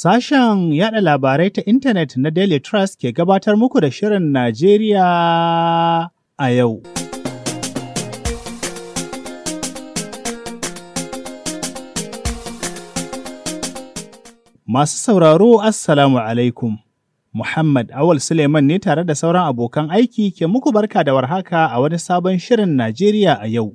Sashen yada labarai ta intanet na Daily Trust ke gabatar muku da Shirin Najeriya a yau. Masu sauraro Assalamu alaikum. Muhammad Awal Suleiman ne tare da sauran abokan aiki ke muku barka da warhaka a wani sabon Shirin Najeriya a yau.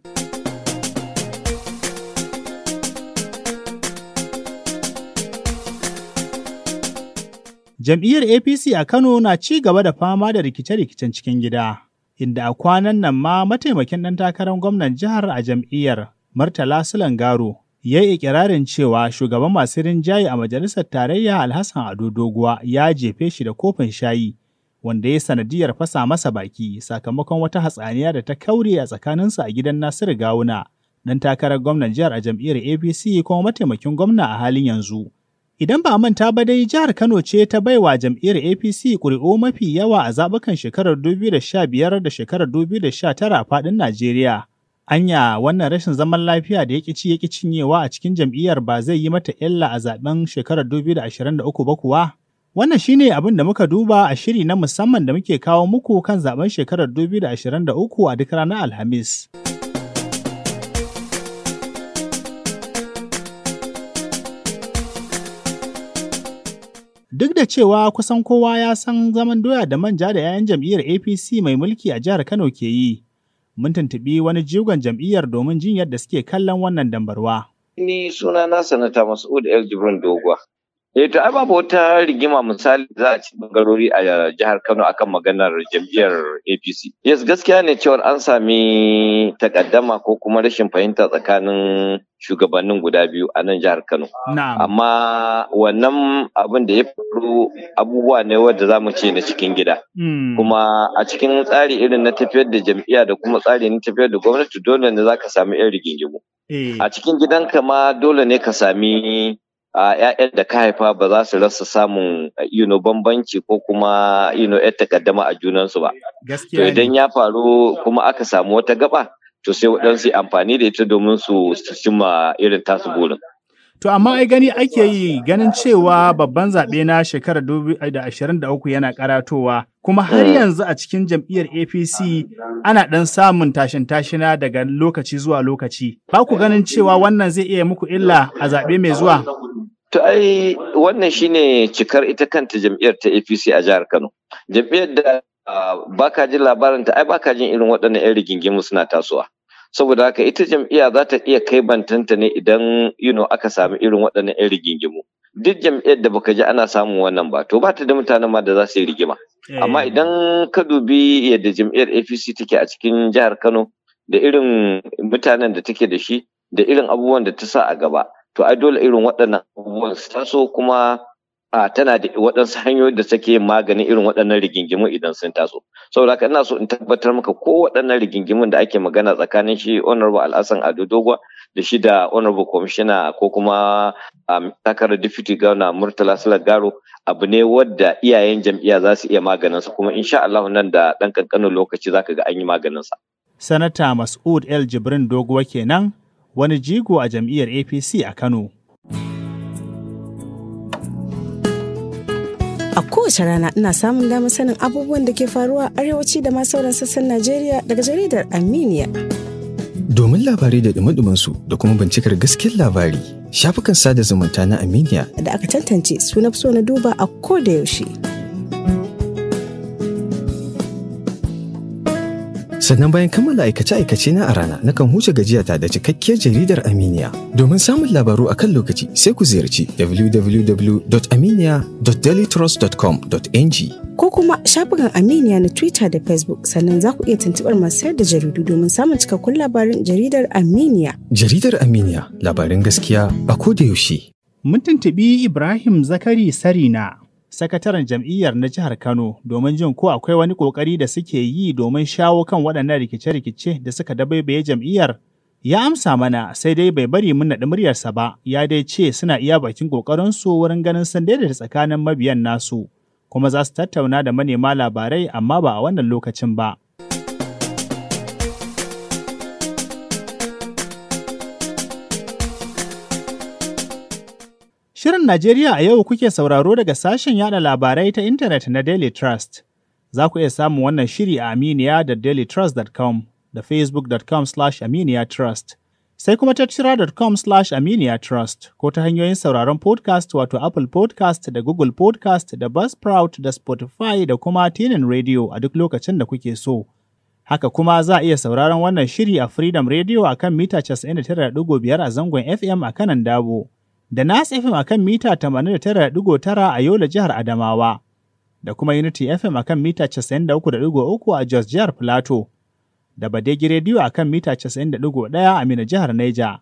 Jam'iyyar APC a Kano na ci gaba da fama da rikice-rikicen cikin gida, inda a kwanan nan ma mataimakin ɗan takarar gwamnan jihar a jam'iyyar Murtala Sulangaro ya yi ikirarin cewa shugaban masu rinjaye a majalisar tarayya Alhassan Ado Doguwa ya jefe shi da kofin shayi, wanda ya sanadiyar fasa masa baki sakamakon wata hatsaniya da ta kaure a tsakaninsa a gidan Nasiru Gawuna, ɗan takarar gwamnan jihar a jam'iyyar APC kuma mataimakin gwamna a halin yanzu. Idan ba manta ba dai jihar Kano ce ta baiwa jam'iyyar APC ƙuri'u mafi yawa a zaɓukan shekarar 2015 da shekarar 2019 a faɗin Najeriya. Anya wannan rashin zaman lafiya da ya ƙici ya cinyewa a cikin jam'iyyar ba zai yi mata illa a zaɓen shekarar 2023 ba kuwa? Wannan shine abin da muka duba a shiri na musamman da muke kawo muku kan zaɓen shekarar 2023 a duk ranar Alhamis. Duk da cewa kusan kowa ya san zaman doya da manja da 'ya'yan jam'iyyar APC mai mulki a jihar Kano ke yi, mun tuntuɓi wani jigon jam'iyyar domin jin yadda suke kallon wannan dambarwa. Ni suna na sanata Mas'ud El Jibrin Dogwa. Eh to ai babu wata rigima misali za a ci bangarori a jihar Kano akan maganar jam'iyyar APC. Yes gaskiya ne cewar an sami takaddama ko kuma rashin fahimta tsakanin shugabannin guda biyu a nan jihar Kano. Amma wannan abin da ya faru abubuwa ne wadda za mu ce na cikin gida. Hmm. Kuma a cikin tsari irin na tafiyar da jam'iyya da kuma tsari na tafiyar da gwamnati dole ne za ka sami 'yan rigingimu. Eh. A cikin gidanka ma dole ne ka sami 'ya'yan da ka haifa ba za su rasa samun you know, bambanci ko kuma you know, takaddama a junansu ba. To idan ya faru kuma aka samu wata gaba, to sai waɗansu amfani da ita domin su cimma irin tasu burin. To amma ai gani ake yi ganin cewa babban zaɓe na shekarar 2023 yana karatowa kuma har mm. yanzu a cikin jam'iyyar APC ana ɗan samun tashin-tashina daga lokaci zuwa lokaci. Ba ku ganin cewa wannan zai iya muku illa a zaɓe mai zuwa? To ai wannan shine cikar ita kanta jam'iyyar ta APC a jihar Kano. Jam'iyyar da ka jin labarin ta ai ka jin irin waɗannan 'yan rigingimu suna tasowa. Saboda haka ita jam'iyya za ta iya kai bantanta ne idan you know, aka sami irin waɗannan 'yan rigingimu. Duk jam'iyyar da baka ji ana samun wannan ba, to ba ta da mutanen ma da za su yi rigima. Eh. Amma idan ka dubi yadda jam'iyyar APC take a cikin jihar Kano da irin mutanen da take da shi, da irin abubuwan da ta sa a gaba to ai dole irin waɗannan abubuwan su taso kuma a tana da waɗansu hanyoyin da take maganin irin waɗannan rigingimu idan sun taso saboda haka ina so in tabbatar maka ko waɗannan rigingimun da ake magana tsakanin shi honorable al'asan ado dogwa da shi da honorable commissioner ko kuma takarar deputy governor murtala salagaro abu ne wadda iyayen jam'iyya za su iya maganin sa kuma insha Allah nan da ɗan ƙanƙanin lokaci zaka ga an yi maganin sa sanata mas'ud el jibrin doguwa kenan wani jigo a jam'iyyar APC a Kano. A kowace rana ina samun damar sanin abubuwan da ke faruwa arewaci da ma sauran sassan Najeriya daga jaridar armenia. Domin labari da dumadumansu da kuma bincikar gaskiyar labari, shafukan sada zumunta na armenia. da aka tantance suna na duba a ko da yaushe. Sannan bayan kammala aikace-aikace na a rana nakan huce gajiyata da cikakkiyar jaridar Aminiya. Domin samun labaru a kan lokaci sai ku ziyarci www.aminiya.dailytrust.com.ng Ko kuma shafukan Aminiya na Twitter da Facebook sannan za ku iya tuntuɓar masu sayar da jaridu domin samun cikakkun labarin jaridar Aminiya. Jaridar Aminiya labarin gaskiya a koda yaushe. Mun tuntuɓi Ibrahim Zakari Sarina. sakataren jam'iyyar na jihar Kano domin jin ko akwai wani kokari da suke yi domin shawo kan waɗannan rikice-rikice da suka dabaibaye jam'iyyar. Ya amsa mana sai dai bai bari mun naɗi muryarsa ba, ya dai ce suna iya bakin ƙoƙarinsu wurin ganin san daidaita tsakanin mabiyan nasu, kuma za su tattauna da manema labarai amma ba a wannan lokacin ba. Shirin Najeriya a yau kuke sauraro daga sashen yada labarai ta intanet na Daily Trust. Za ku iya samun wannan shiri a Aminiya da dailytrust.com da facebook.com slash aminiyatrust. Sai kuma tattira.com slash aminiyatrust ko ta hanyoyin sauraron podcast wato Apple podcast da Google podcast da Buzzsprout da Spotify da kuma Tinin Radio a duk lokacin da kuke so. Haka kuma za a iya sauraron wannan shiri a Freedom Radio a kan mita 99.5 a zangon FM a kanan Dabo. da Nas FM a kan mita 89.9 a Yola jihar Adamawa, da kuma Unity FM a kan mita 93.3 a Jos jihar Filato, da Badegi Radio a kan mita 91.1 a Mina jihar Neja.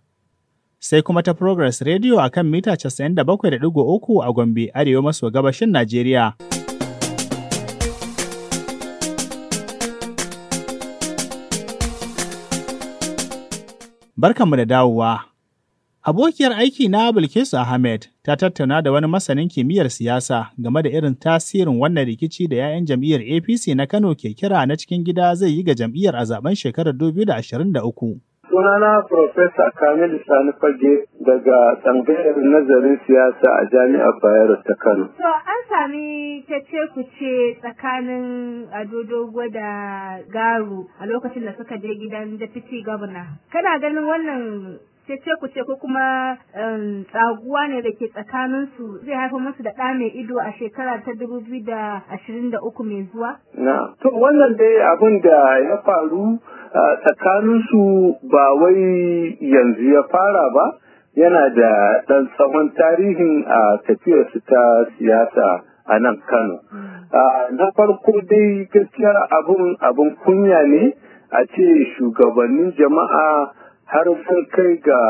Sai kuma ta Progress Radio a kan mita 97.3 a Gombe, Arewa maso gabashin Najeriya. Barkanmu da dawowa. Abokiyar aiki na Bilkisu Ahmed ta tattauna da wani masanin kimiyyar siyasa game da irin tasirin wannan rikici da 'ya'yan jam'iyyar APC na Kano ke kira na cikin gida zai yi ga jam'iyyar a zaben shekarar 2023. Sunana Profesa Kamil Sani Fage daga tsangayar nazarin siyasa a Jami'ar Bayero ta Kano. To an sami cece ku ce tsakanin Ado Dogo da Garu a lokacin da suka je gidan Deputy gwamna. Kana ganin wannan cece ku ce ko kuma tsaguwa ne da ke tsakanin su zai haifar musu da ɗa mai ido a shekara ta dubu biyu da ashirin da uku mai zuwa? Na, to wannan dai abin da ya faru tsakanin su ba wai yanzu ya fara ba yana da ɗan tsawon tarihin a tafiyarsu ta siyasa a nan Kano. Hmm. Na farko dai gaskiya abun abun kunya ne a ce shugabannin jama'a har ta kai ga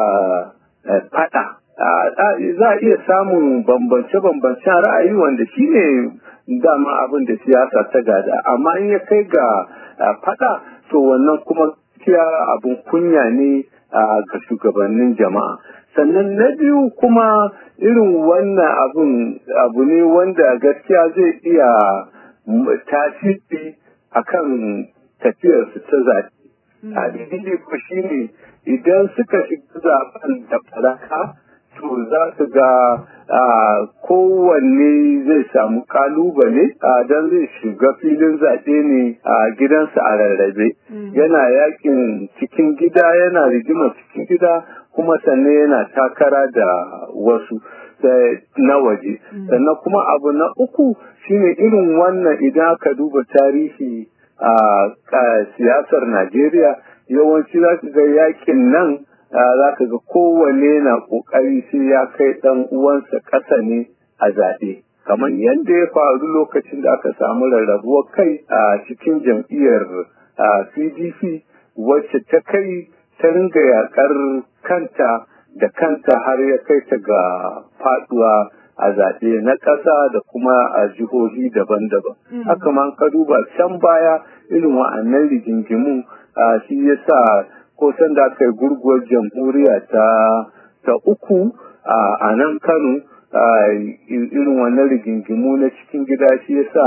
eh, fada za a iya samun bambance-bambance ra'ayi wanda shi ne dama abin da siyasa ta gada amma in ya kai ga eh, fada to wannan kuma kiya abin kunya ne ga shugabannin jama'a sannan na biyu kuma irin wannan abin abu ne wanda gaskiya zai iya tasiri akan tafiyarsu ta zaɓe hmm. a dalili ko shi ne idan suka shiga zaben da falaka to za su ga kowanne zai samu kalubale don zai shiga filin zaɓe ne a gidansa a rarrabe mm. yana yakin cikin gida yana rigima cikin gida kuma sannan yana takara da wasu na waje mm. sannan kuma abu na uku shine irin wannan idan ka duba tarihi a siyasar najeriya yawanci za ka ga yakin nan za ka ga kowane na ƙoƙari sai ya kai ɗan uwansa ƙasa ne a zaɓe. Kamar yadda ya faru lokacin da aka samu rarrabuwar kai a cikin jam'iyyar CDC wacce ta kai ta ringa yaƙar kanta da kanta har ya kai ta ga faɗuwa a zaɓe na ƙasa da kuma a jihohi daban-daban. Mm-hmm. Haka man ka duba can baya irin wa'annan rigingimu shi ya sa ko aka yi gurguwar jamhuriya ta uku a nan kano irin wannan rigingimu na cikin gida shi ya sa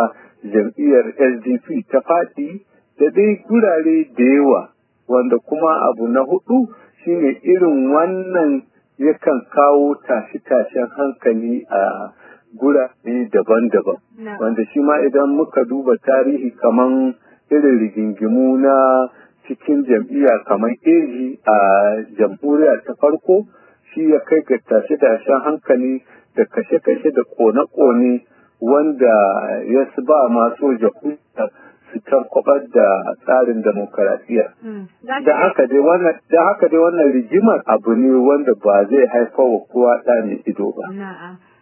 jam'iyyar sdp ta faɗi da dai gurare da yawa wanda kuma abu na hudu shine irin wannan yakan kawo tashi-tashen hankali a gurare daban-daban wanda shi ma idan muka duba tarihi kaman irin rigingimu na cikin jam'iyya kamar AG a jamhuriya ta farko shi ya kai ga tashe-tashen hankali da kashe-kashe da kone-kone wanda ya ba masu jamhuriya su tarkwabar da tsarin demokarasiya. Hmm. Da haka dai wannan rigimar abu ne wanda ba zai haifar wa kowa ɗa ido ba.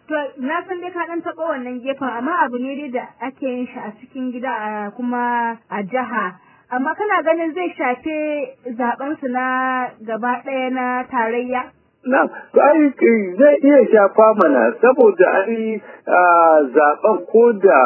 To na san dai ka ɗan taɓa wannan gefen amma abu ne dai da ake yin shi a cikin gida kuma a jiha amma kana ganin zai shafe zaɓensu na gaba ɗaya na tarayya? Na, ai eh, zai iya shafa mana saboda ai zaɓen ko da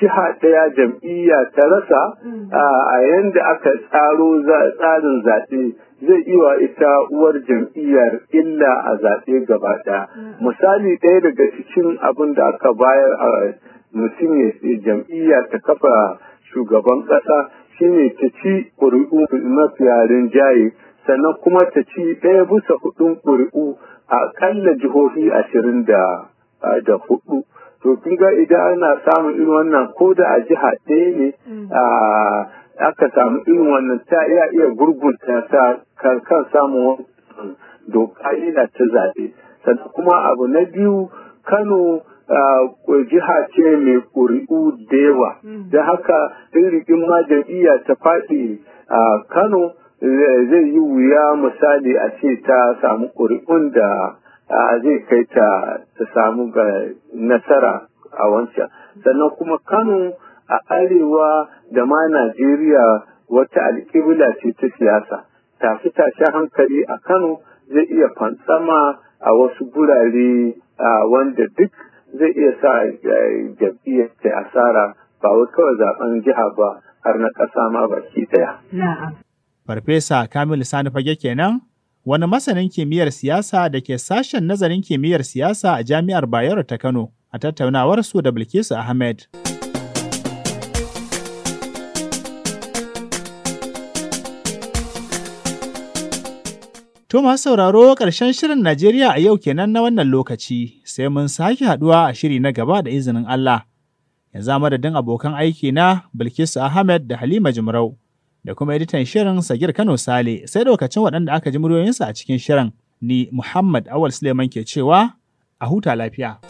jiha ɗaya jam'iyya ta rasa mm. a yanda aka tsaro tsarin zaɓe zai yi wa ita uwar jam'iyyar illa a zaɓe gaba ɗaya. Mm. Misali ɗaya daga cikin abin da aka bayar a mutum ya jam'iyya ta kafa shugaban ƙasa ne ta ci ƙuri'u mafiya jaye sannan kuma ta ci ɗaya busa hudun ƙuri'u a ƙalla jihohi ashirin da hudu to kun ga idan ana samun irin wannan ko da a jiha ɗaya ne mm. aka samu irin wannan ta iya iya gurgunta ta kan samun doka yana ta zaɓe sannan kuma abu na biyu kano jiha ce mai ƙuri'u da yawa hmm. da haka in rikin ma ta faɗi a kano eh, zai yi wuya misali a ce ta samu ƙuri'un da zai kai ta ta samu ga nasara a wancan sannan kuma kano a arewa da ma najeriya wata alƙibla ce ta siyasa tafi tashi hankali a kano zai iya fantsama a wasu gurare wanda duk zai iya sa eh, jam'iyyar ta asara ba wai kawai zaben jiha ba har na ƙasa ma baki ɗaya. Farfesa Kamilu Sani Fage kenan wani masanin kimiyyar siyasa da ke sashen nazarin kimiyyar siyasa a Jami'ar Bayero ta Kano a tattaunawar su da Bilkisu Ahmed. To masu sauraro ƙarshen shirin Najeriya a yau kenan na wannan lokaci sai mun sake haɗuwa a shiri na gaba da izinin Allah. ya Yanzu madadin abokan aiki na Bilkisu Ahmed da Halima Jimarau da kuma editan shirin Sagir Kano Sale sai lokacin waɗanda aka ji muryoyinsa a cikin shirin ni Muhammad Awal Suleiman ke cewa a huta lafiya.